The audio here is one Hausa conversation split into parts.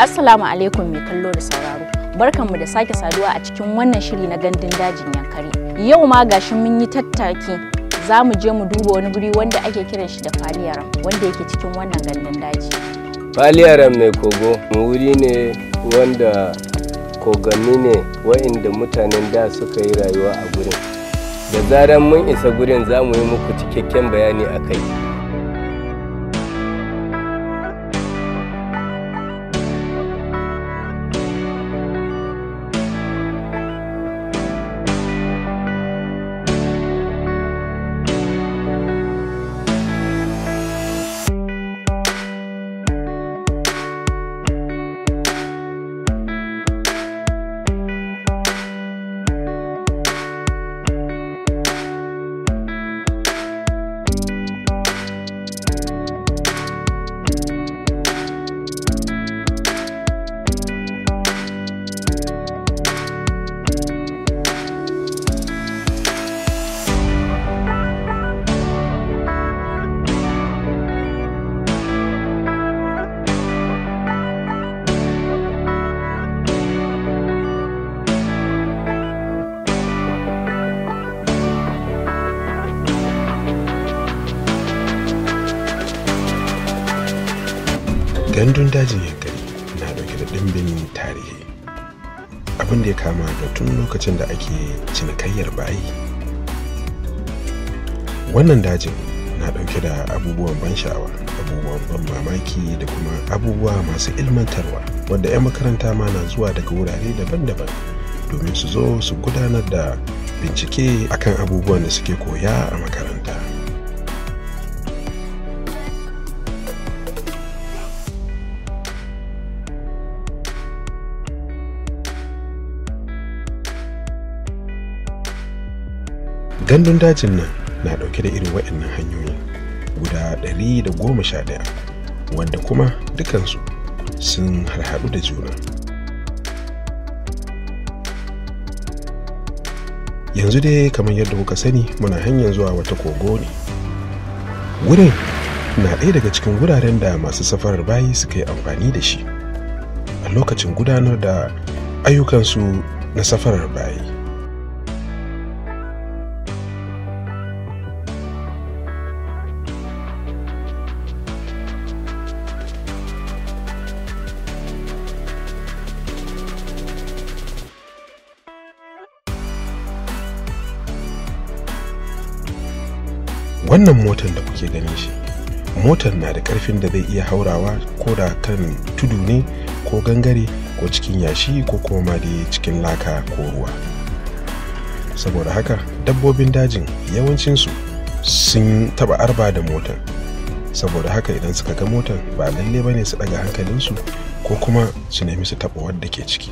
Assalamu alaikum mai kallo da sauraro. Barkanmu da sake saduwa a cikin wannan shiri na gandun dajin Yankari. Yau ma gashi mun yi tattaki za mu je mu duba wani guri wanda ake kiran shi da Faliyaram wanda yake cikin wannan gandun daji. Faliyaram mai kogo wuri ne wanda kogami ne wa'inda mutanen da suka yi rayuwa a gurin. Da zaran mun isa gurin za mu yi muku cikakken bayani a kai. Dandun dajin yankari na dauke da dimbin tarihi abin da ya kama da tun lokacin da ake cinikayyar bayi wannan dajin na dauke da abubuwan ban sha'awa abubuwan ban mamaki da kuma abubuwa masu ilmantarwa wadda 'yan makaranta ma na zuwa daga wurare daban-daban domin su zo su gudanar da bincike akan abubuwan da suke koya a makaranta gandun dajin nan na ɗauke da irin waɗannan hanyoyi guda 111 wanda kuma dukansu sun harhaɗu da juna yanzu dai kamar yadda kuka sani muna hanyar zuwa wata kogo ne wurin na ɗaya daga cikin wuraren da masu safarar bayi suka yi amfani da shi a lokacin gudanar da ayyukansu na safarar bayi wannan motar da kuke ganin shi motan na da karfin da zai iya haurawa ko da kan tudu ne ko gangare ko cikin yashi ko kuma dai cikin laka ko ruwa saboda haka dabbobin dajin yawancinsu sun taba arba da motar saboda haka idan suka ga motan, ba lalle ba ne su daga hankalinsu ko kuma su nemi su taba wadda ke ciki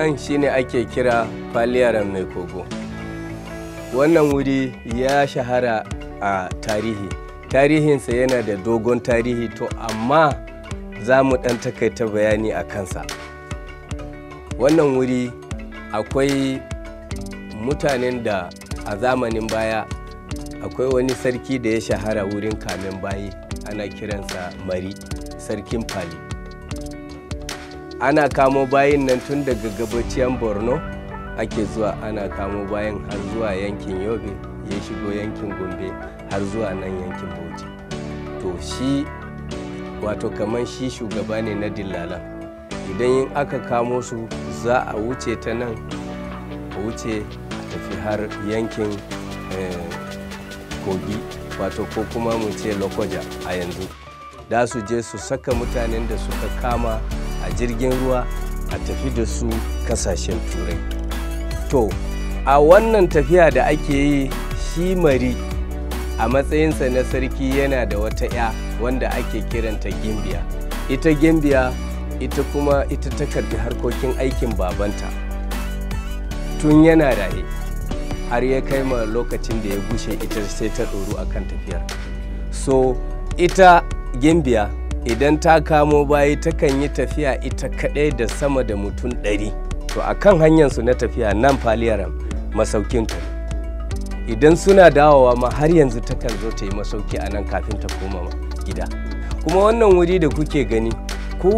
nan shine ake kira faliyar mai kogo wannan wuri ya shahara a tarihi tarihinsa yana da dogon tarihi to amma za mu ɗan takaita bayani a kansa wannan wuri akwai mutanen da a zamanin baya akwai wani sarki da ya shahara wurin kamen bayi ana kiransa mari sarkin fali ana kamo bayin nan tun daga gabaciyan borno ake zuwa ana kamo bayan har zuwa yankin yobe ya shigo yankin gombe har zuwa nan yankin bauchi to shi wato kamar shi shugaba ne na dillalan idan yin aka kamo su za a wuce ta nan wuce a tafi har yankin eh, kogi wato ko kuma mu ce lokoja a yanzu da su je su saka mutanen da suka kama jirgin ruwa a tafi da su kasashen turai to a wannan tafiya da ake yi shi mari a matsayinsa na sarki yana da wata 'ya wanda ake kiranta gimbiya ita gimbiya ita kuma ita ta karbi harkokin aikin babanta tun yana raye har ya kai ma lokacin da ya gushe ita sai ta ɗoru akan tafiyar so ita gimbiya idan ta kamo bayi takan yi tafiya ita kaɗai da sama da mutum ɗari to a kan hanyarsu na tafiya nan faliyaram masaukinku idan suna dawowa ma har yanzu takan zo ta yi masauki a nan kafin ta koma gida kuma wannan wuri da kuke gani